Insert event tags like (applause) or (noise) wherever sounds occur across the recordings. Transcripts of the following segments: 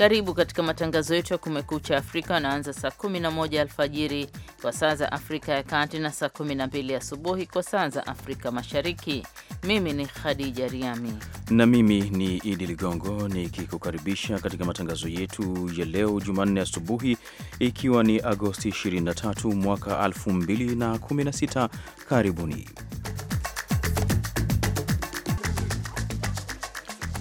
Karibu katika matangazo yetu ya Kumekucha Afrika anaanza saa 11 alfajiri kwa saa za Afrika ya Kati na saa 12 asubuhi kwa saa za Afrika Mashariki. Mimi ni Khadija Riami na mimi ni Idi Ligongo nikikukaribisha katika matangazo yetu ya leo Jumanne asubuhi, ikiwa ni Agosti 23 mwaka 2016. Karibuni.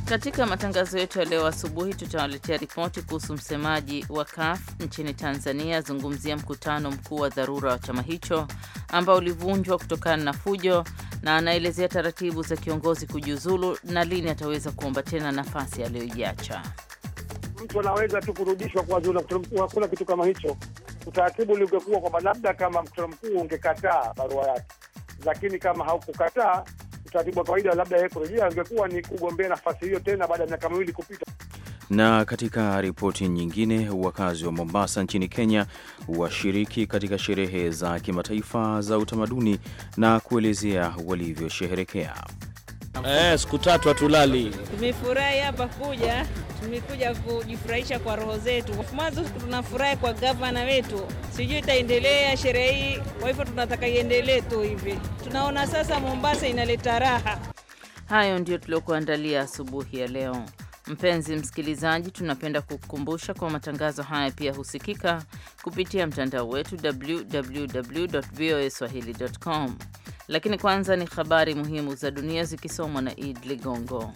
Katika matangazo yetu ya leo asubuhi, tutawaletea ripoti kuhusu msemaji wa CUF nchini Tanzania azungumzia mkutano mkuu wa dharura wa chama hicho ambao ulivunjwa kutokana na fujo, na anaelezea taratibu za kiongozi kujiuzulu na lini ataweza kuomba tena nafasi aliyoiacha. Mtu anaweza tu kurudishwa kwa hakuna kitu kama hicho. Utaratibu uliokuwa kwamba labda kama mkutano mkuu ungekataa barua yake, lakini kama haukukataa utaratibu wa kawaida labda yeye kurejea angekuwa ni kugombea nafasi hiyo tena baada ya miaka miwili kupita. Na katika ripoti nyingine, wakazi wa Mombasa nchini Kenya washiriki katika sherehe za kimataifa za utamaduni na kuelezea walivyosherehekea. Eh, siku tatu hatulali. Tumefurahi hapa kuja, tumekuja kujifurahisha kwa roho zetu. Mwanzo tunafurahi kwa gavana wetu, sijui itaendelea sherehe hii, kwa hivyo tunataka iendelee tu hivi. Tunaona sasa Mombasa inaleta raha. Hayo ndio tuliokuandalia asubuhi ya leo. Mpenzi msikilizaji, tunapenda kukukumbusha kwa matangazo haya pia husikika kupitia mtandao wetu www voa lakini kwanza ni habari muhimu za dunia zikisomwa na Id Ligongo.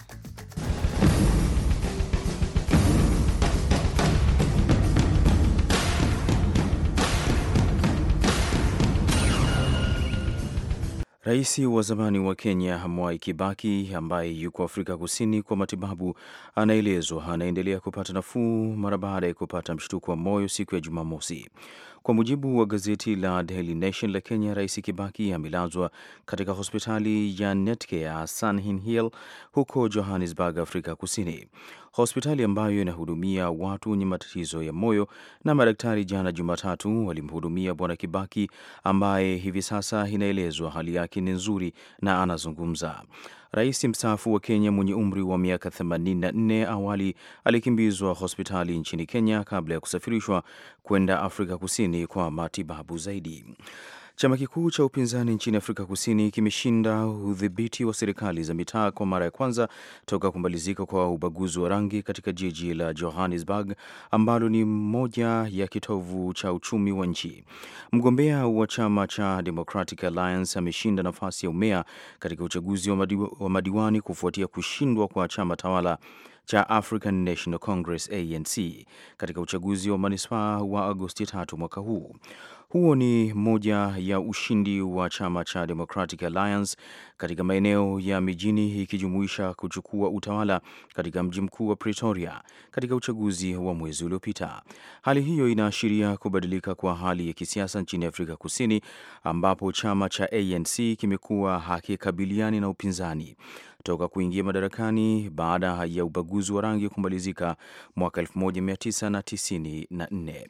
Rais wa zamani wa Kenya Mwai Kibaki ambaye yuko Afrika Kusini kwa matibabu anaelezwa anaendelea kupata nafuu mara baada ya kupata mshtuko wa moyo siku ya Jumamosi. Kwa mujibu wa gazeti la Daily Nation la Kenya, Rais Kibaki amelazwa katika hospitali ya Netcare Sun Hill huko Johannesburg, Afrika Kusini hospitali ambayo inahudumia watu wenye matatizo ya moyo, na madaktari jana Jumatatu walimhudumia Bwana Kibaki ambaye hivi sasa inaelezwa hali yake ni nzuri na anazungumza. Rais mstaafu wa Kenya mwenye umri wa miaka 84 awali alikimbizwa hospitali nchini Kenya kabla ya kusafirishwa kwenda Afrika Kusini kwa matibabu zaidi. Chama kikuu cha upinzani nchini Afrika Kusini kimeshinda udhibiti wa serikali za mitaa kwa mara ya kwanza toka kumalizika kwa ubaguzi wa rangi katika jiji la Johannesburg ambalo ni moja ya kitovu cha uchumi wa nchi. Mgombea wa chama cha Democratic Alliance ameshinda nafasi ya umea katika uchaguzi wa madiwani kufuatia kushindwa kwa chama tawala cha African National Congress ANC katika uchaguzi wa manispaa wa Agosti 3 mwaka huu. Huo ni moja ya ushindi wa chama cha Democratic Alliance katika maeneo ya mijini ikijumuisha kuchukua utawala katika mji mkuu wa Pretoria katika uchaguzi wa mwezi uliopita. Hali hiyo inaashiria kubadilika kwa hali ya kisiasa nchini Afrika Kusini ambapo chama cha ANC kimekuwa hakikabiliani na upinzani toka kuingia madarakani baada ya ubaguzi wa rangi kumalizika mwaka 1994.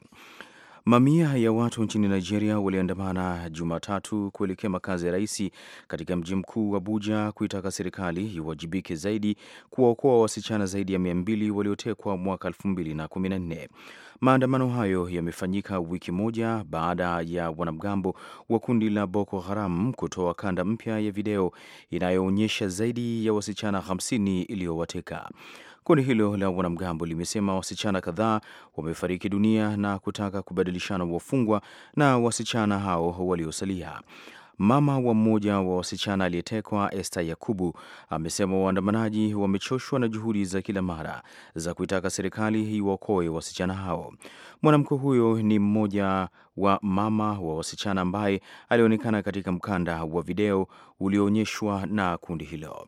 Mamia ya watu nchini Nigeria waliandamana Jumatatu kuelekea makazi ya rais katika mji mkuu Abuja, kuitaka serikali iwajibike zaidi kuwaokoa wasichana zaidi ya mia mbili waliotekwa mwaka elfu mbili na kumi na nne. Maandamano hayo yamefanyika wiki moja baada ya wanamgambo wa kundi la Boko Haram kutoa kanda mpya ya video inayoonyesha zaidi ya wasichana 50 iliyowateka. Kundi hilo la wanamgambo limesema wasichana kadhaa wamefariki dunia na kutaka kubadilishana wafungwa na wasichana hao waliosalia. Mama wa mmoja wa wasichana aliyetekwa Esther Yakubu amesema waandamanaji wamechoshwa na juhudi za kila mara za kuitaka serikali iwaokoe wasichana hao. Mwanamke huyo ni mmoja wa mama wa wasichana ambaye alionekana katika mkanda wa video ulioonyeshwa na kundi hilo.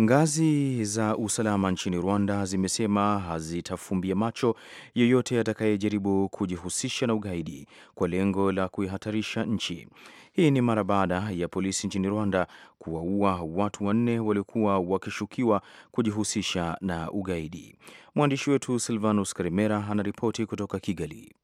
Ngazi za usalama nchini Rwanda zimesema hazitafumbia macho yeyote atakayejaribu kujihusisha na ugaidi kwa lengo la kuihatarisha nchi. Hii ni mara baada ya polisi nchini Rwanda kuwaua watu wanne waliokuwa wakishukiwa kujihusisha na ugaidi. Mwandishi wetu Silvanus Karimera anaripoti kutoka Kigali.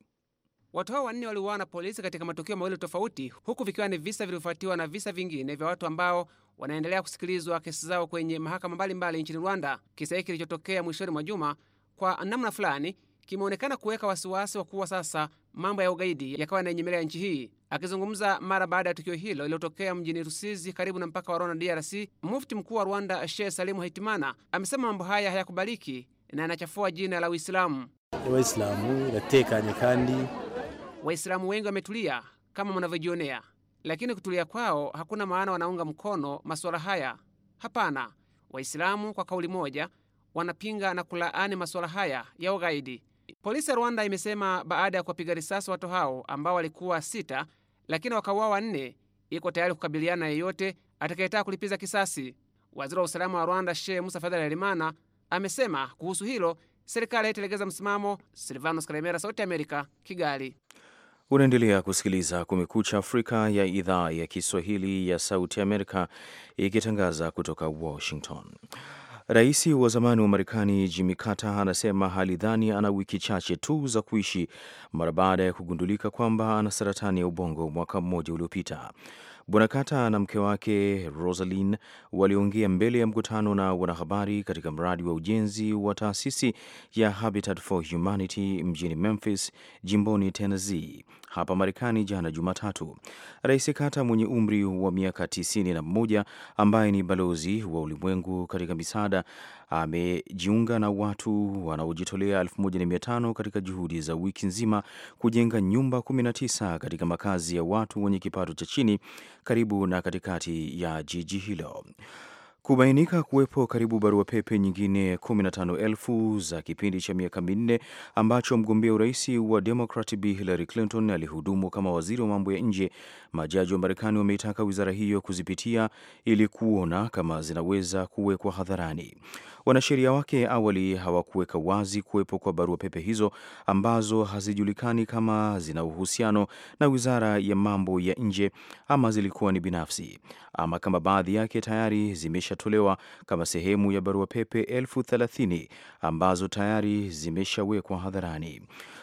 Watu hao wanne waliuawa na polisi katika matukio mawili tofauti, huku vikiwa ni visa vilivyofuatiwa na visa vingine vya watu ambao wanaendelea kusikilizwa kesi zao kwenye mahakama mbalimbali nchini Rwanda. Kisa hiki kilichotokea mwishoni mwa juma kwa namna fulani kimeonekana kuweka wasiwasi wa kuwa sasa mambo ya ugaidi yakawa ya nchi hii. Akizungumza mara baada ya tukio hilo lililotokea mjini Rusizi karibu na mpaka wa Rwanda DRC, mufti mkuu wa Rwanda Sheikh Salimu Hitimana amesema mambo haya hayakubaliki na yanachafua jina la Uislamu. Waislamu yatekanye kandi, Waislamu wengi wametulia kama mnavyojionea. Lakini kutulia kwao hakuna maana wanaunga mkono masuala haya. Hapana, Waislamu kwa kauli moja wanapinga na kulaani masuala haya ya ugaidi. Polisi ya Rwanda imesema baada ya kuwapiga risasi watu hao ambao walikuwa sita, lakini wakauawa wanne, iko tayari kukabiliana na yeyote atakayetaka kulipiza kisasi. Waziri wa usalama wa Rwanda she Musa Fadhali Harerimana amesema kuhusu hilo serikali haitalegeza msimamo. Silvanos Karemera, Sauti ya Amerika, Kigali. Unaendelea kusikiliza Kumekucha Afrika ya idhaa ya Kiswahili ya Sauti Amerika ikitangaza kutoka Washington. Rais wa zamani wa Marekani Jimmy Carter anasema halidhani ana wiki chache tu za kuishi mara baada ya kugundulika kwamba ana saratani ya ubongo mwaka mmoja uliopita. Bwana Kata na mke wake Rosalin waliongea mbele ya mkutano na wanahabari katika mradi wa ujenzi wa taasisi ya Habitat for Humanity mjini Memphis, jimboni Tennessee, hapa Marekani jana Jumatatu. Rais Kata mwenye umri wa miaka 91 ambaye ni balozi wa ulimwengu katika misaada amejiunga na watu wanaojitolea 1500 katika juhudi za wiki nzima kujenga nyumba 19 katika makazi ya watu wenye kipato cha chini karibu na katikati ya jiji hilo. Kubainika kuwepo karibu barua pepe nyingine 15,000 za kipindi cha miaka minne ambacho mgombea urais wa Democrat Bi Hillary Clinton alihudumu kama waziri wa mambo ya nje, majaji wa Marekani wameitaka wizara hiyo kuzipitia ili kuona kama zinaweza kuwekwa hadharani. Wanasheria wake awali hawakuweka wazi kuwepo kwa barua pepe hizo ambazo hazijulikani kama zina uhusiano na Wizara ya Mambo ya Nje ama zilikuwa ni binafsi ama kama baadhi yake tayari zimeshatolewa kama sehemu ya barua pepe elfu thelathini ambazo tayari zimeshawekwa hadharani.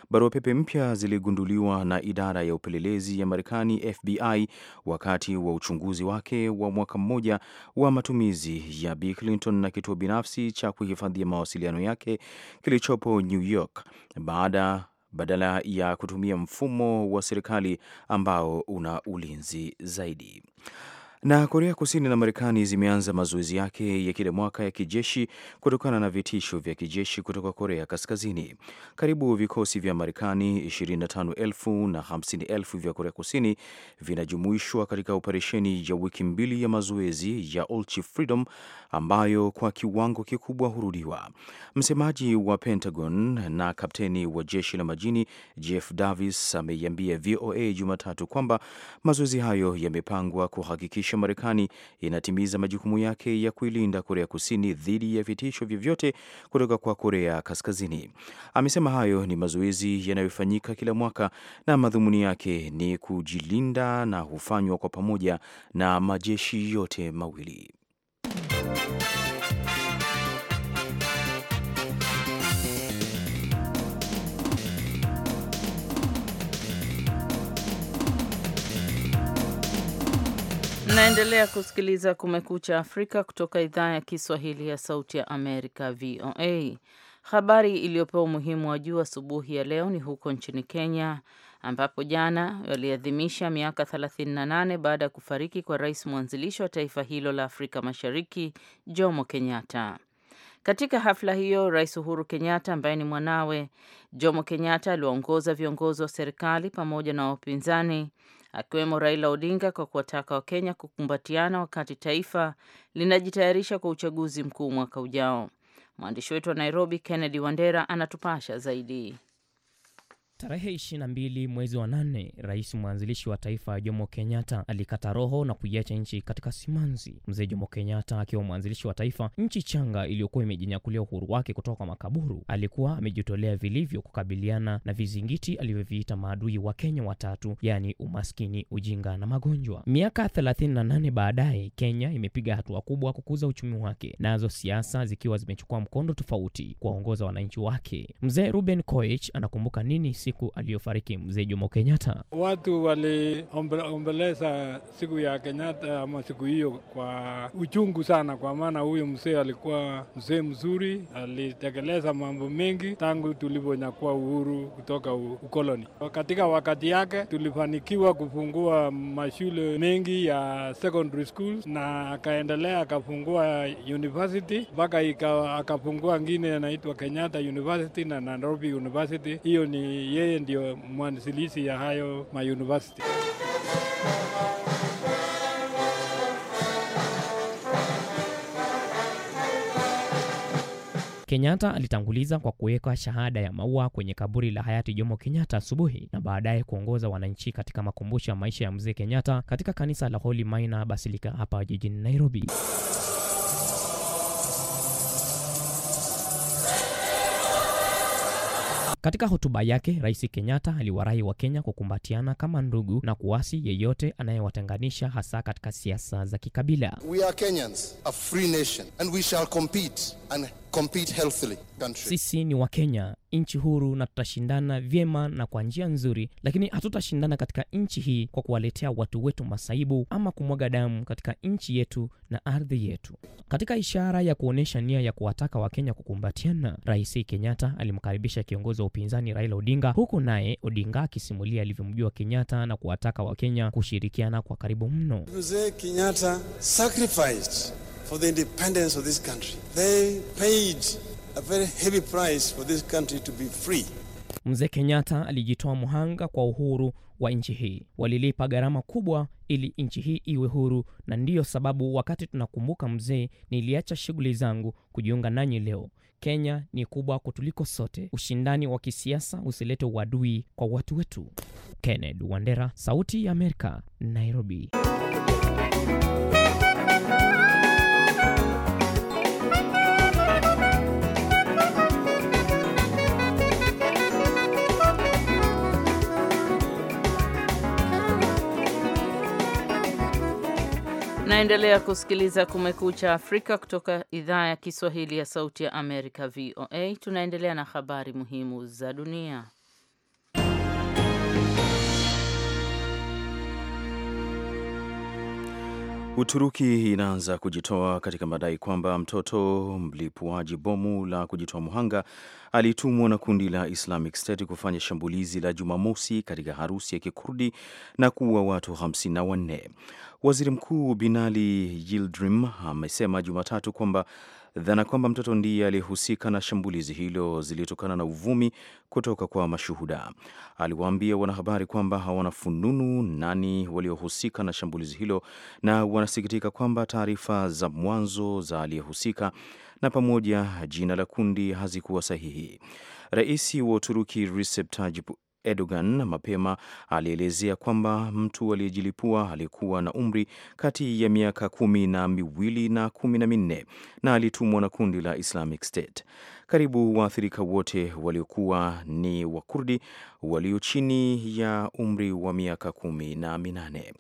Barua pepe mpya ziligunduliwa na idara ya upelelezi ya Marekani FBI wakati wa uchunguzi wake wa mwaka mmoja wa matumizi ya Bi Clinton na kituo binafsi cha kuhifadhia mawasiliano yake kilichopo New York baada badala ya kutumia mfumo wa serikali ambao una ulinzi zaidi. Na Korea Kusini na Marekani zimeanza mazoezi yake ya kila mwaka ya kijeshi kutokana na vitisho vya kijeshi kutoka Korea Kaskazini. Karibu vikosi vya Marekani 25,000 na 50,000 vya Korea Kusini vinajumuishwa katika operesheni ya wiki mbili ya mazoezi ya All Chief Freedom ambayo kwa kiwango kikubwa hurudiwa. Msemaji wa Pentagon na kapteni wa jeshi la majini Jeff Davis ameiambia VOA Jumatatu kwamba mazoezi hayo yamepangwa kuhakikisha kuhakikisha Marekani inatimiza majukumu yake ya kuilinda Korea Kusini dhidi ya vitisho vyovyote kutoka kwa Korea Kaskazini. Amesema hayo ni mazoezi yanayofanyika kila mwaka na madhumuni yake ni kujilinda na hufanywa kwa pamoja na majeshi yote mawili. Mnaendelea kusikiliza Kumekucha Afrika kutoka idhaa ya Kiswahili ya Sauti ya Amerika, VOA. Habari iliyopewa umuhimu wa juu asubuhi ya leo ni huko nchini Kenya, ambapo jana waliadhimisha miaka 38 baada ya kufariki kwa rais mwanzilishi wa taifa hilo la Afrika Mashariki, Jomo Kenyatta. Katika hafla hiyo, Rais Uhuru Kenyatta ambaye ni mwanawe Jomo Kenyatta aliwaongoza viongozi wa serikali pamoja na wapinzani akiwemo Raila Odinga kwa kuwataka Wakenya kukumbatiana wakati taifa linajitayarisha kwa uchaguzi mkuu mwaka ujao. Mwandishi wetu wa Nairobi, Kennedy Wandera, anatupasha zaidi. Tarehe 22 mwezi wa nane, rais mwanzilishi wa taifa Jomo Kenyatta alikata roho na kuiacha nchi katika simanzi. Mzee Jomo Kenyatta akiwa mwanzilishi wa taifa, nchi changa iliyokuwa imejinyakulia uhuru wake kutoka kwa makaburu, alikuwa amejitolea vilivyo kukabiliana na vizingiti alivyoviita maadui wa Kenya watatu, yaani umaskini, ujinga na magonjwa. Miaka 38 baadaye, Kenya imepiga hatua kubwa kukuza uchumi wake, nazo siasa zikiwa zimechukua mkondo tofauti kuwaongoza wananchi wake. Mzee Ruben Koech anakumbuka nini siku siku aliyofariki mzee Jomo Kenyatta. Watu waliombeleza siku ya Kenyatta ama siku hiyo kwa uchungu sana, kwa maana huyu mzee alikuwa mzee mzuri, alitekeleza mambo mengi tangu tulivyonyakuwa uhuru kutoka ukoloni. Katika wakati yake tulifanikiwa kufungua mashule mengi ya secondary schools, na akaendelea akafungua university mpaka akafungua ngine inaitwa Kenyatta University na Nairobi University. Hiyo ni yeye ndio mwanzilishi ya hayo mayunivesiti. Kenyatta alitanguliza kwa kuweka shahada ya maua kwenye kaburi la hayati Jomo Kenyatta asubuhi na baadaye kuongoza wananchi katika makumbusho ya maisha ya mzee Kenyatta katika kanisa la Holy Minor Basilica hapa jijini Nairobi. Katika hotuba yake, Rais Kenyatta aliwarahi kenya kukumbatiana kama ndugu na kuasi yeyote anayewatenganisha hasa katika siasa za kikabila. We are Kenyans, a free nation, and we shall compete and sisi ni Wakenya, nchi huru na tutashindana vyema na kwa njia nzuri, lakini hatutashindana katika nchi hii kwa kuwaletea watu wetu masaibu ama kumwaga damu katika nchi yetu na ardhi yetu. Katika ishara ya kuonyesha nia ya kuwataka Wakenya kukumbatiana, Rais Kenyatta alimkaribisha kiongozi wa upinzani Raila Odinga, huku naye Odinga akisimulia alivyomjua Kenyatta na kuwataka Wakenya kushirikiana kwa karibu mno. Mzee Kenyatta sacrificed for the independence of this country. They paid a very heavy price for this country to be free. Mzee Kenyatta alijitoa muhanga kwa uhuru wa nchi hii. Walilipa gharama kubwa ili nchi hii iwe huru, na ndiyo sababu wakati tunakumbuka mzee, niliacha shughuli zangu kujiunga nanyi leo. Kenya ni kubwa kutuliko sote. Ushindani wa kisiasa usilete uadui kwa watu wetu. Kenneth Wandera, Sauti ya Amerika, Nairobi. Unaendelea kusikiliza Kumekucha Afrika kutoka idhaa ya Kiswahili ya Sauti ya Amerika, VOA. Tunaendelea na habari muhimu za dunia. Uturuki inaanza kujitoa katika madai kwamba mtoto mlipuaji bomu la kujitoa muhanga alitumwa na kundi la Islamic State kufanya shambulizi la Jumamosi katika harusi ya Kikurdi na kuua watu 54. Waziri Mkuu Binali Yildirim amesema Jumatatu kwamba dhana kwamba mtoto ndiye aliyehusika na shambulizi hilo zilitokana na uvumi kutoka kwa mashuhuda. Aliwaambia wanahabari kwamba hawana fununu nani waliohusika na shambulizi hilo na wanasikitika kwamba taarifa za mwanzo za aliyehusika na pamoja jina la kundi hazikuwa sahihi. Rais wa Uturuki Recep Tayyip Erdogan mapema alielezea kwamba mtu aliyejilipua alikuwa na umri kati ya miaka kumi na miwili na kumi na minne na alitumwa na kundi la Islamic State. Karibu waathirika wote waliokuwa ni Wakurdi walio chini ya umri wa miaka kumi na minane.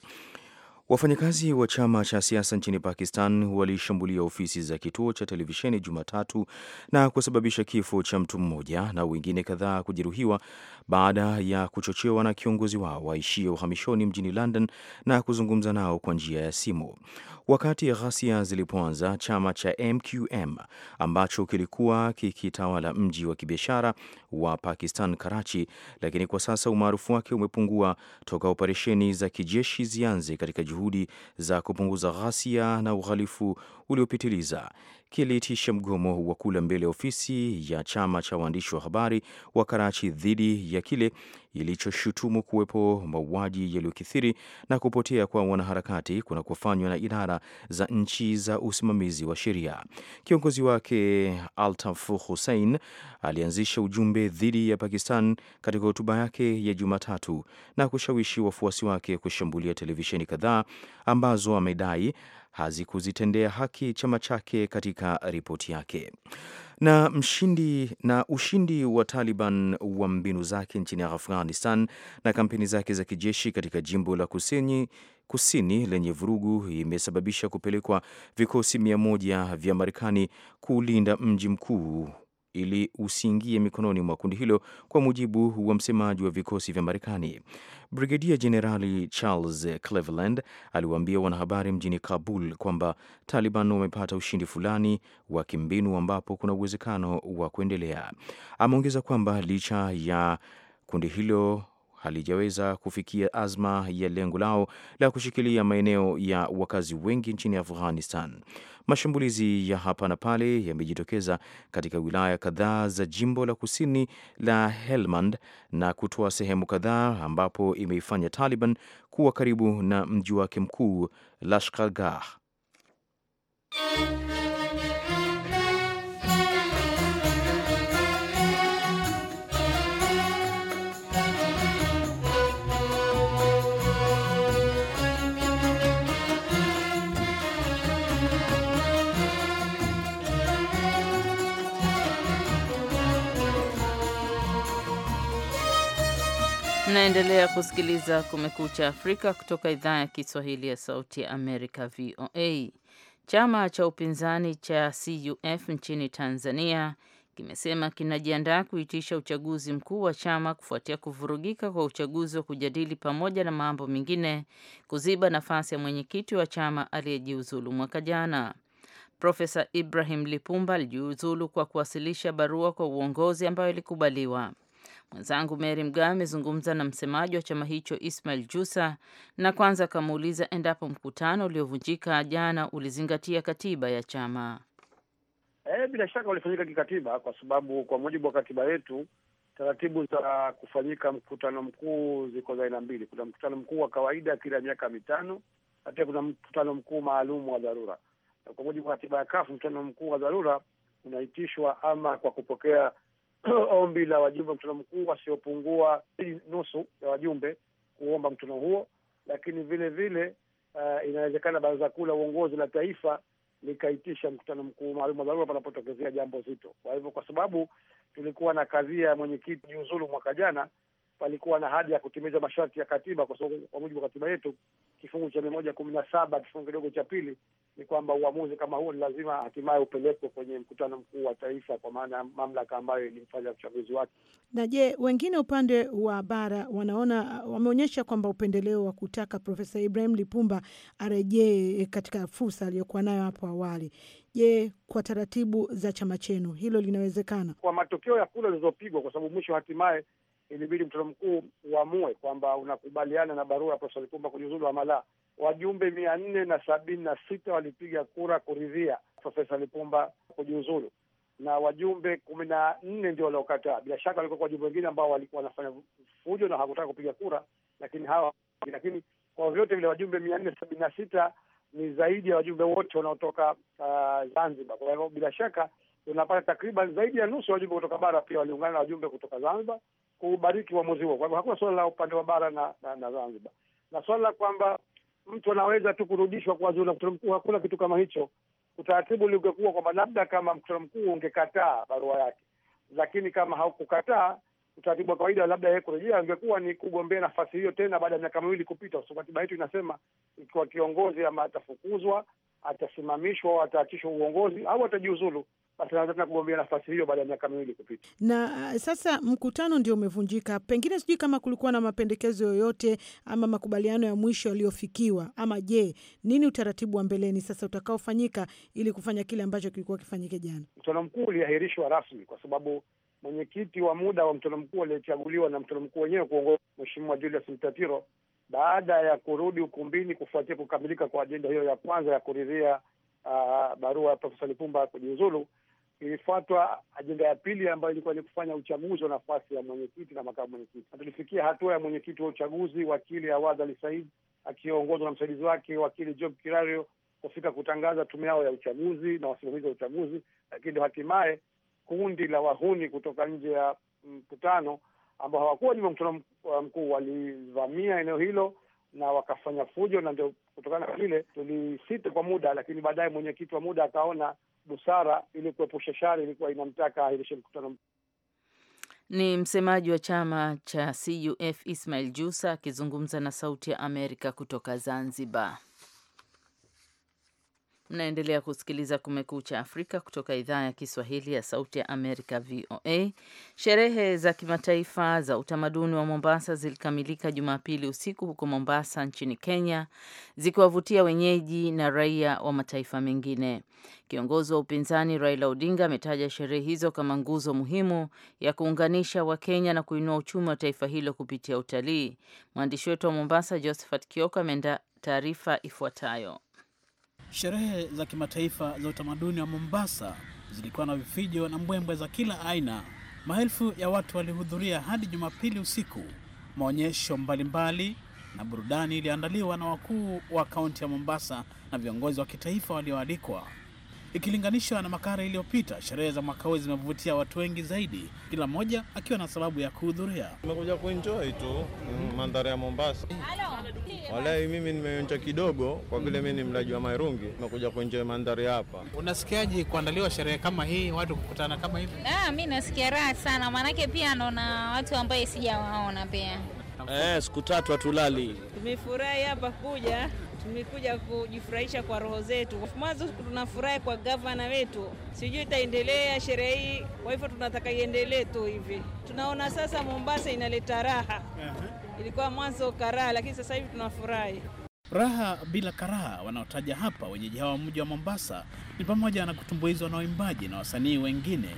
Wafanyakazi wa chama cha siasa nchini Pakistan walishambulia ofisi za kituo cha televisheni Jumatatu na kusababisha kifo cha mtu mmoja na wengine kadhaa kujeruhiwa baada ya kuchochewa na kiongozi wao waishie uhamishoni mjini London na kuzungumza nao kwa njia ya simu. Wakati ghasia zilipoanza, chama cha MQM ambacho kilikuwa kikitawala mji wa kibiashara wa Pakistan, Karachi, lakini kwa sasa umaarufu wake umepungua toka operesheni za kijeshi zianze katika juhudi za kupunguza ghasia na uhalifu uliopitiliza kiliitisha mgomo wa kula mbele ya ofisi ya chama cha waandishi wa habari wa Karachi dhidi ya kile ilichoshutumu kuwepo mauaji yaliyokithiri na kupotea kwa wanaharakati kunakofanywa na idara za nchi za usimamizi wa sheria. Kiongozi wake Altaf Hussein alianzisha ujumbe dhidi ya Pakistan katika hotuba yake ya Jumatatu na kushawishi wafuasi wake kushambulia televisheni kadhaa ambazo amedai hazikuzitendea haki chama chake katika ripoti yake. Na mshindi na ushindi wa Taliban wa mbinu zake nchini Afghanistan na kampeni zake za kijeshi katika jimbo la kusini kusini lenye vurugu imesababisha kupelekwa vikosi mia moja vya Marekani kuulinda mji mkuu ili usiingie mikononi mwa kundi hilo, kwa mujibu wa msemaji wa vikosi vya Marekani. Brigedia Jenerali Charles Cleveland aliwaambia wanahabari mjini Kabul kwamba Taliban wamepata ushindi fulani wa kimbinu ambapo kuna uwezekano wa kuendelea. Ameongeza kwamba licha ya kundi hilo halijaweza kufikia azma ya lengo lao la kushikilia maeneo ya wakazi wengi nchini Afghanistan. Mashambulizi ya hapa na pale yamejitokeza katika wilaya kadhaa za jimbo la kusini la Helmand na kutoa sehemu kadhaa ambapo imeifanya Taliban kuwa karibu na mji wake mkuu Lashkargah. Mnaendelea kusikiliza Kumekucha Afrika kutoka idhaa ya Kiswahili ya Sauti ya Amerika, VOA. Chama cha upinzani cha CUF nchini Tanzania kimesema kinajiandaa kuitisha uchaguzi mkuu wa chama kufuatia kuvurugika kwa uchaguzi wa kujadili pamoja na mambo mengine kuziba nafasi ya mwenyekiti wa chama aliyejiuzulu mwaka jana. Profesa Ibrahim Lipumba alijiuzulu kwa kuwasilisha barua kwa uongozi ambayo ilikubaliwa. Mwenzangu Mary Mgawe amezungumza na msemaji wa chama hicho Ismail Jusa na kwanza akamuuliza endapo mkutano uliovunjika jana ulizingatia katiba ya chama. E, bila shaka ulifanyika kikatiba kwa sababu kwa mujibu wa katiba yetu taratibu za kufanyika mkutano mkuu ziko za aina mbili. Kuna mkutano mkuu wa kawaida kila miaka mitano na pia kuna mkutano mkuu maalum wa dharura. Kwa mujibu wa katiba ya Kafu, mkutano mkuu wa dharura unaitishwa ama kwa kupokea (clears throat) ombi la wajumbe wa mkutano mkuu wasiopungua nusu ya wajumbe kuomba mkutano huo, lakini vile vile uh, inawezekana baraza kuu la uongozi la taifa likaitisha mkutano mkuu maalum wa dharura panapotokezea jambo zito. Kwa hivyo, kwa sababu tulikuwa na kadhia ya mwenyekiti jiuzulu mwaka jana palikuwa na haja ya kutimiza masharti ya katiba, kwa sababu kwa mujibu wa katiba yetu kifungu cha mia moja kumi na saba kifungu kidogo cha pili ni kwamba uamuzi kama huo ni lazima hatimaye upelekwe kwenye mkutano mkuu wa taifa, kwa maana ya mamlaka ambayo ilimfanya uchaguzi wake. Na je, wengine upande wa bara wanaona wameonyesha kwamba upendeleo wa kutaka Profesa Ibrahim Lipumba arejee katika fursa aliyokuwa nayo hapo awali. Je, kwa taratibu za chama chenu hilo linawezekana, kwa matokeo ya kura zilizopigwa? Kwa sababu mwisho hatimaye ilibidi mkutano mkuu uamue kwamba unakubaliana na barua ya Profesa Lipumba kujiuzulu ama la. Wajumbe mia nne na sabini na sita walipiga kura kuridhia Profesa Lipumba kujiuzulu na wajumbe kumi na nne ndio waliokataa. Bila shaka walikuwa wajumbe wengine ambao walikuwa wanafanya fujo na hawakutaka kupiga kura, lakini hawa lakini kwa vyote vile wajumbe mia nne sabini na sita ni zaidi ya wajumbe wote wanaotoka uh, Zanzibar. Kwa hivyo bila shaka tunapata takriban zaidi ya nusu ya wajumbe kutoka bara pia waliungana na wajumbe kutoka Zanzibar kubariki uamuzi huo. Kwa hivyo hakuna suala la upande wa bara na, na, na Zanzibar na swala la kwamba mtu anaweza tu kurudishwa kwa zuri na mkutano mkuu, hakuna kitu kama hicho. Utaratibu uliokuwa kwamba labda kama mkutano mkuu ungekataa barua yake, lakini kama haukukataa, utaratibu wa kawaida labda yeye kurejea angekuwa ni kugombea nafasi hiyo tena baada ya miaka miwili kupita, kwa sababu katiba yetu inasema ikiwa kiongozi ama atafukuzwa, atasimamishwa, ataachishwa uongozi au atajiuzulu, naweza tena kugombea nafasi hiyo baada ya miaka miwili kupita. Na uh, sasa mkutano ndio umevunjika, pengine sijui kama kulikuwa na mapendekezo yoyote ama makubaliano ya mwisho yaliyofikiwa, ama je, nini utaratibu wa mbeleni sasa utakaofanyika ili kufanya kile ambacho kilikuwa kifanyike jana? Mkutano mkuu uliahirishwa rasmi kwa sababu mwenyekiti wa muda wa mkutano mkuu aliyechaguliwa na mkutano mkuu wenyewe kuongoza Mheshimiwa Julius Mtatiro baada ya kurudi ukumbini kufuatia kukamilika kwa ajenda hiyo ya kwanza ya kuridhia uh, barua ya Profesa Lipumba kujiuzulu ilifuatwa ajenda ya pili ambayo ilikuwa ni kufanya uchaguzi wa nafasi ya mwenyekiti na makamu mwenyekiti, na tulifikia hatua ya mwenyekiti wa uchaguzi wakili Awadh Ali Said akiongozwa na msaidizi wake wakili Job Kirario kufika kutangaza tume yao ya uchaguzi na wasimamizi wa uchaguzi, lakini hatimaye kundi la wahuni kutoka nje ya mkutano ambao hawakuwa nyuma mkutano mkuu walivamia eneo hilo na wakafanya fujo, na ndio kutokana na vile tulisita kwa muda, lakini baadaye mwenyekiti wa muda akaona busara ili kuepusha shari, ilikuwa inamtaka ahirishe mkutano mkuu. Ni msemaji wa chama cha CUF Ismail Jusa akizungumza na Sauti ya Amerika kutoka Zanzibar. Mnaendelea kusikiliza Kumekucha Afrika kutoka idhaa ya Kiswahili ya Sauti ya Amerika, VOA. Sherehe za kimataifa za utamaduni wa Mombasa zilikamilika Jumapili usiku huko Mombasa nchini Kenya, zikiwavutia wenyeji na raia wa mataifa mengine. Kiongozi wa upinzani Raila Odinga ametaja sherehe hizo kama nguzo muhimu ya kuunganisha Wakenya na kuinua uchumi wa taifa hilo kupitia utalii. Mwandishi wetu wa Mombasa, Josephat Kioko, ameenda taarifa ifuatayo. Sherehe za kimataifa za utamaduni wa Mombasa zilikuwa na vifijo na mbwembwe za kila aina. Maelfu ya watu walihudhuria hadi Jumapili usiku. Maonyesho mbalimbali na burudani iliandaliwa na wakuu wa kaunti ya Mombasa na viongozi wa kitaifa walioalikwa. Ikilinganishwa na makara iliyopita, sherehe za mwaka huu zimevutia watu wengi zaidi, kila mmoja akiwa na sababu ya kuhudhuria. Nimekuja kuenjoy tu mm, mandhari ya Mombasa. Walai, mimi nimeonja kidogo kwa vile mi ni mlaji wa Mairungi, nimekuja kuenjoy mandhari hapa. Unasikiaje kuandaliwa sherehe kama hii, watu kukutana kama hivi? Ah, nasikia raha sana, maanake pia naona watu ambaye sijawaona pia. Eh, siku tatu hatulali. tumefurahi hapa kuja tumekuja kujifurahisha kwa roho zetu. Mwanzo tunafurahi kwa gavana wetu, sijui itaendelea sherehe hii, kwa hivyo tunataka iendelee tu hivi. Tunaona sasa Mombasa inaleta raha. Ilikuwa mwanzo karaha, lakini sasa hivi tunafurahi raha bila karaha. Wanaotaja hapa wenyeji hawa mji wa Mombasa ni pamoja na kutumbuizwa na waimbaji na wasanii wengine.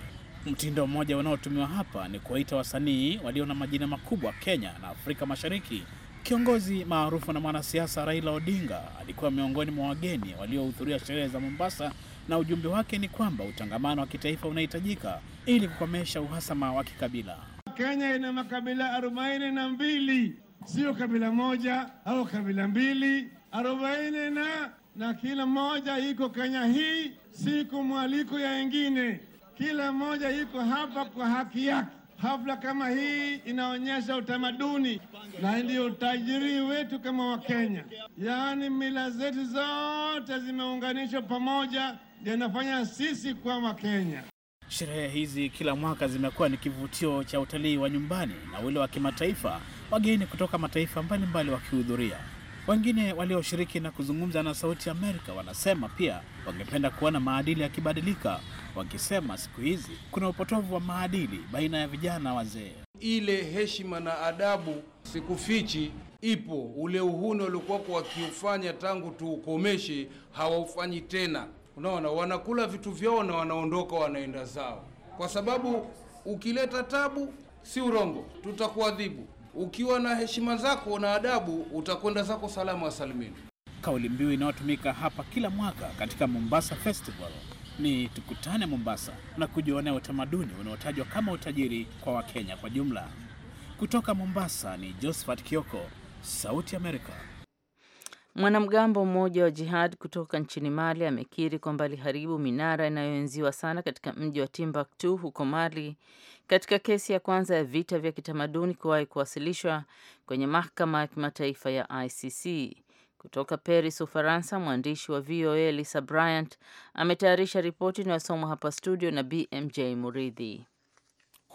Mtindo mmoja unaotumiwa hapa ni kuwaita wasanii walio na majina makubwa Kenya na Afrika Mashariki Kiongozi maarufu na mwanasiasa Raila Odinga alikuwa miongoni mwa wageni waliohudhuria sherehe za Mombasa, na ujumbe wake ni kwamba utangamano wa kitaifa unahitajika ili kukomesha uhasama wa kikabila. Kenya ina makabila arobaini na mbili, sio kabila moja au kabila mbili, arobaini na na kila moja iko Kenya hii, siku mwaliko ya wengine. Kila mmoja iko hapa kwa haki yake. Hafla kama hii inaonyesha utamaduni na ndio utajiri wetu kama Wakenya, yaani mila zetu zote zimeunganishwa pamoja, ndio inafanya sisi kuwa Wakenya. Sherehe hizi kila mwaka zimekuwa ni kivutio cha utalii wa nyumbani na ule wa kimataifa, wageni kutoka mataifa mbalimbali wakihudhuria. Wengine walioshiriki na kuzungumza na Sauti ya Amerika wanasema pia wangependa kuona maadili yakibadilika wakisema siku hizi kuna upotovu wa maadili baina ya vijana wazee. Ile heshima na adabu sikufichi ipo, ule uhuni waliokuwa wakiufanya tangu tuukomeshe hawaufanyi tena. Unaona, wanakula vitu vyao na wanaondoka wanaenda zao, kwa sababu ukileta tabu si urongo, tutakuadhibu. Ukiwa na heshima zako na adabu, utakwenda zako salama wasalimini. Kauli mbiu inayotumika hapa kila mwaka katika Mombasa Festival ni tukutane Mombasa na kujionea utamaduni unaotajwa kama utajiri kwa Wakenya kwa jumla. Kutoka Mombasa ni Josephat Kioko, Sauti Amerika. Mwanamgambo mmoja wa jihad kutoka nchini Mali amekiri kwamba aliharibu minara inayoenziwa sana katika mji wa Timbuktu huko Mali, katika kesi ya kwanza ya vita vya kitamaduni kuwahi kuwasilishwa kwenye mahakama ya kimataifa ya ICC. Kutoka Paris, Ufaransa, mwandishi wa VOA Lisa Bryant ametayarisha ripoti inayosomwa hapa studio na BMJ Muridhi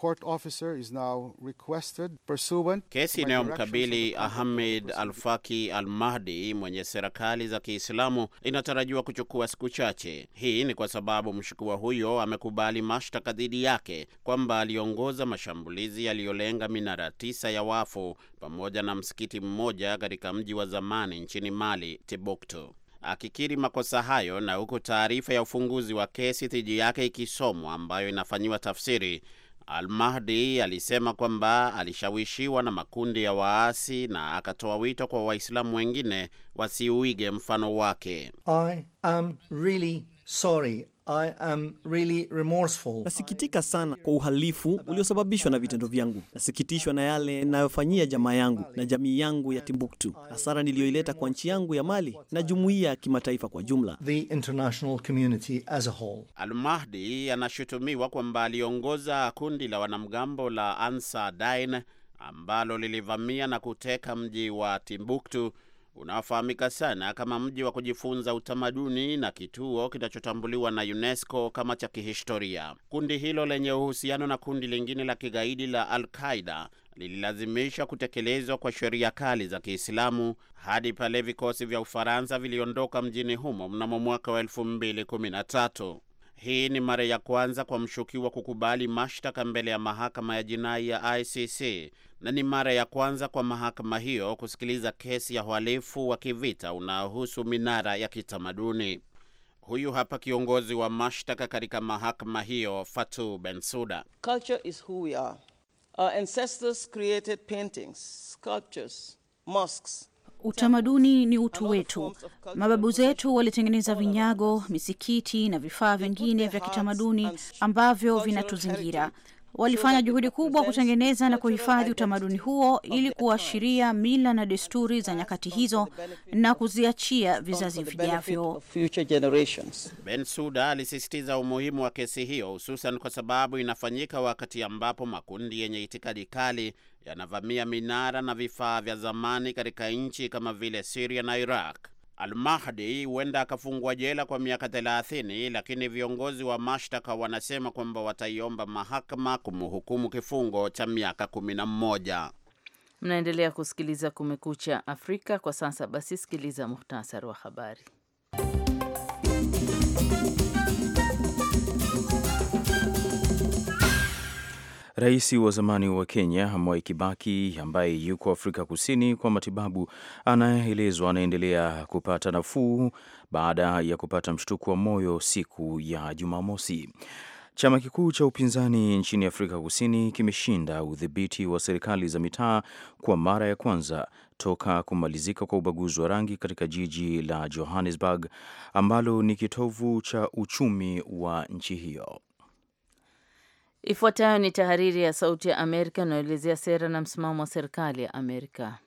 court officer is now requested pursuant. Kesi inayomkabili Ahmed alfaki Al-Mahdi mwenye serikali za Kiislamu inatarajiwa kuchukua siku chache. Hii ni kwa sababu mshukiwa huyo amekubali mashtaka dhidi yake kwamba aliongoza mashambulizi yaliyolenga minara tisa ya wafu pamoja na msikiti mmoja katika mji wa zamani nchini Mali, tebokto Akikiri makosa hayo na huku taarifa ya ufunguzi wa kesi dhidi yake ikisomwa ambayo inafanyiwa tafsiri, Al-Mahdi alisema kwamba alishawishiwa na makundi ya waasi na akatoa wito kwa Waislamu wengine wasiuige mfano wake. I am really Sorry, I am really remorseful. Nasikitika sana kwa uhalifu uliosababishwa na vitendo vyangu. Nasikitishwa na yale ninayofanyia jamaa yangu na jamii yangu ya Timbuktu, hasara niliyoileta kwa nchi yangu ya Mali na jumuiya ya kimataifa kwa jumla. The international community as a whole. Al-Mahdi anashutumiwa kwamba aliongoza kundi la wanamgambo la Ansar Dine ambalo lilivamia na kuteka mji wa Timbuktu unaofahamika sana kama mji wa kujifunza utamaduni na kituo kinachotambuliwa na UNESCO kama cha kihistoria. Kundi hilo lenye uhusiano na kundi lingine la kigaidi la Al-Qaida lililazimisha kutekelezwa kwa sheria kali za Kiislamu hadi pale vikosi vya Ufaransa viliondoka mjini humo mnamo mwaka wa 2013. Hii ni mara ya kwanza kwa mshukiwa kukubali mashtaka mbele ya mahakama ya jinai ya ICC na ni mara ya kwanza kwa mahakama hiyo kusikiliza kesi ya uhalifu wa kivita unaohusu minara ya kitamaduni. Huyu hapa kiongozi wa mashtaka katika mahakama hiyo, Fatu bensuda Culture is who we are. Our ancestors created paintings, sculptures, mosques Utamaduni ni utu wetu. Mababu zetu walitengeneza vinyago, misikiti na vifaa vingine vya kitamaduni ambavyo vinatuzingira walifanya juhudi kubwa kutengeneza na kuhifadhi utamaduni huo ili kuashiria mila na desturi za nyakati hizo na kuziachia vizazi vijavyo. suda alisisitiza umuhimu wa kesi hiyo, hususan kwa sababu inafanyika wakati ambapo makundi yenye itikadi kali yanavamia minara na vifaa vya zamani katika nchi kama vile Siria na Iraq. Al-Mahdi huenda akafungwa jela kwa miaka 30, lakini viongozi wa mashtaka wanasema kwamba wataiomba mahakama kumhukumu kifungo cha miaka 11. Mnaendelea kusikiliza Kumekucha Afrika. Kwa sasa basi, sikiliza muhtasari wa habari. Rais wa zamani wa Kenya Mwai Kibaki ambaye yuko Afrika Kusini kwa matibabu, anaelezwa anaendelea kupata nafuu baada ya kupata mshtuko wa moyo siku ya Jumamosi. Chama kikuu cha upinzani nchini Afrika Kusini kimeshinda udhibiti wa serikali za mitaa kwa mara ya kwanza toka kumalizika kwa ubaguzi wa rangi katika jiji la Johannesburg ambalo ni kitovu cha uchumi wa nchi hiyo. Ifuatayo ni tahariri ya Sauti ya Amerika inayoelezea sera na msimamo wa serikali ya Amerika.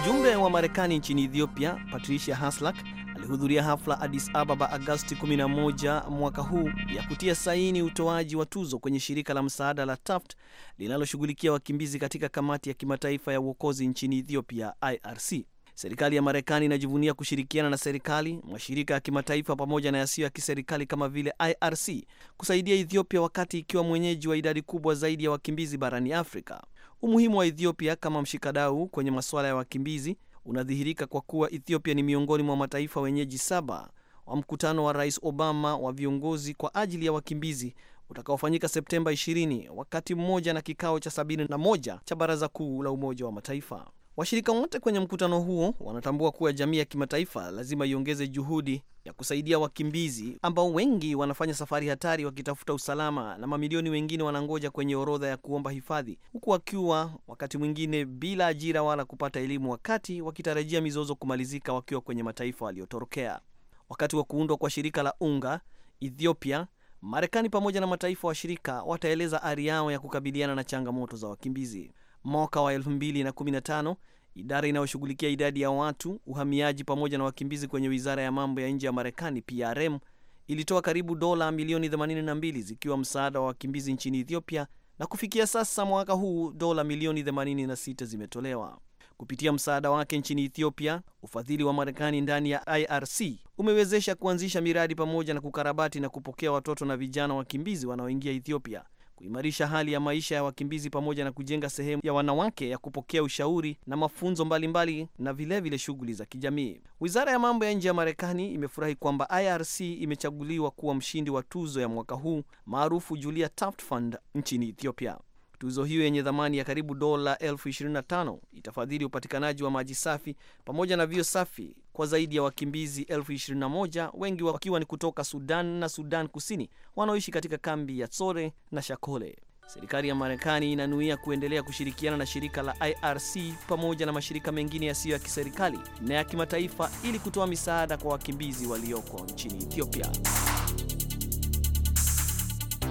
Mjumbe wa Marekani nchini Ethiopia, Patricia Haslak, alihudhuria hafla Addis Ababa Agosti 11 mwaka huu ya kutia saini utoaji wa tuzo kwenye shirika la msaada la Taft linaloshughulikia wakimbizi katika kamati ya kimataifa ya uokozi nchini Ethiopia, IRC. Serikali ya Marekani inajivunia kushirikiana na serikali, mashirika ya kimataifa pamoja na yasiyo ya kiserikali kama vile IRC kusaidia Ethiopia wakati ikiwa mwenyeji wa idadi kubwa zaidi ya wakimbizi barani Afrika. Umuhimu wa Ethiopia kama mshikadau kwenye masuala ya wakimbizi unadhihirika kwa kuwa Ethiopia ni miongoni mwa mataifa wenyeji saba wa mkutano wa Rais Obama wa viongozi kwa ajili ya wakimbizi utakaofanyika Septemba 20 wakati mmoja na kikao cha 71 cha Baraza Kuu la Umoja wa Mataifa. Washirika wote kwenye mkutano huo wanatambua kuwa jamii ya kimataifa lazima iongeze juhudi ya kusaidia wakimbizi ambao wengi wanafanya safari hatari wakitafuta usalama na mamilioni wengine wanangoja kwenye orodha ya kuomba hifadhi, huku wakiwa wakati mwingine bila ajira wala kupata elimu, wakati wakitarajia mizozo kumalizika wakiwa kwenye mataifa waliotorokea. Wakati wa kuundwa kwa shirika la UNGA, Ethiopia, Marekani pamoja na mataifa washirika wataeleza ari yao ya kukabiliana na changamoto za wakimbizi. Mwaka wa 2015 idara inayoshughulikia idadi ya watu, uhamiaji pamoja na wakimbizi kwenye wizara ya mambo ya nje ya Marekani, PRM, ilitoa karibu dola milioni 82 zikiwa msaada wa wakimbizi nchini Ethiopia, na kufikia sasa mwaka huu dola milioni 86 zimetolewa kupitia msaada wake nchini Ethiopia. Ufadhili wa Marekani ndani ya IRC umewezesha kuanzisha miradi pamoja na kukarabati na kupokea watoto na vijana wakimbizi wanaoingia Ethiopia kuimarisha hali ya maisha ya wakimbizi pamoja na kujenga sehemu ya wanawake ya kupokea ushauri na mafunzo mbalimbali mbali, na vilevile shughuli za kijamii. Wizara ya mambo ya nje ya Marekani imefurahi kwamba IRC imechaguliwa kuwa mshindi wa tuzo ya mwaka huu maarufu Julia Taft Fund nchini Ethiopia. Tuzo hiyo yenye thamani ya karibu dola elfu 25 itafadhili upatikanaji wa maji safi pamoja na vio safi kwa zaidi ya wakimbizi 21 wengi wakiwa ni kutoka Sudan na Sudan Kusini wanaoishi katika kambi ya Tsore na Shakole. Serikali ya Marekani inanuia kuendelea kushirikiana na shirika la IRC pamoja na mashirika mengine yasiyo ya kiserikali na ya kimataifa ili kutoa misaada kwa wakimbizi walioko nchini Ethiopia.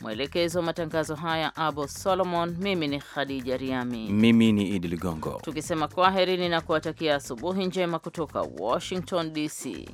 Mwelekezo wa matangazo haya Abo Solomon, mimi ni Khadija Riami, mimi ni Idi Ligongo, tukisema kwaherini na kuwatakia asubuhi njema kutoka Washington DC.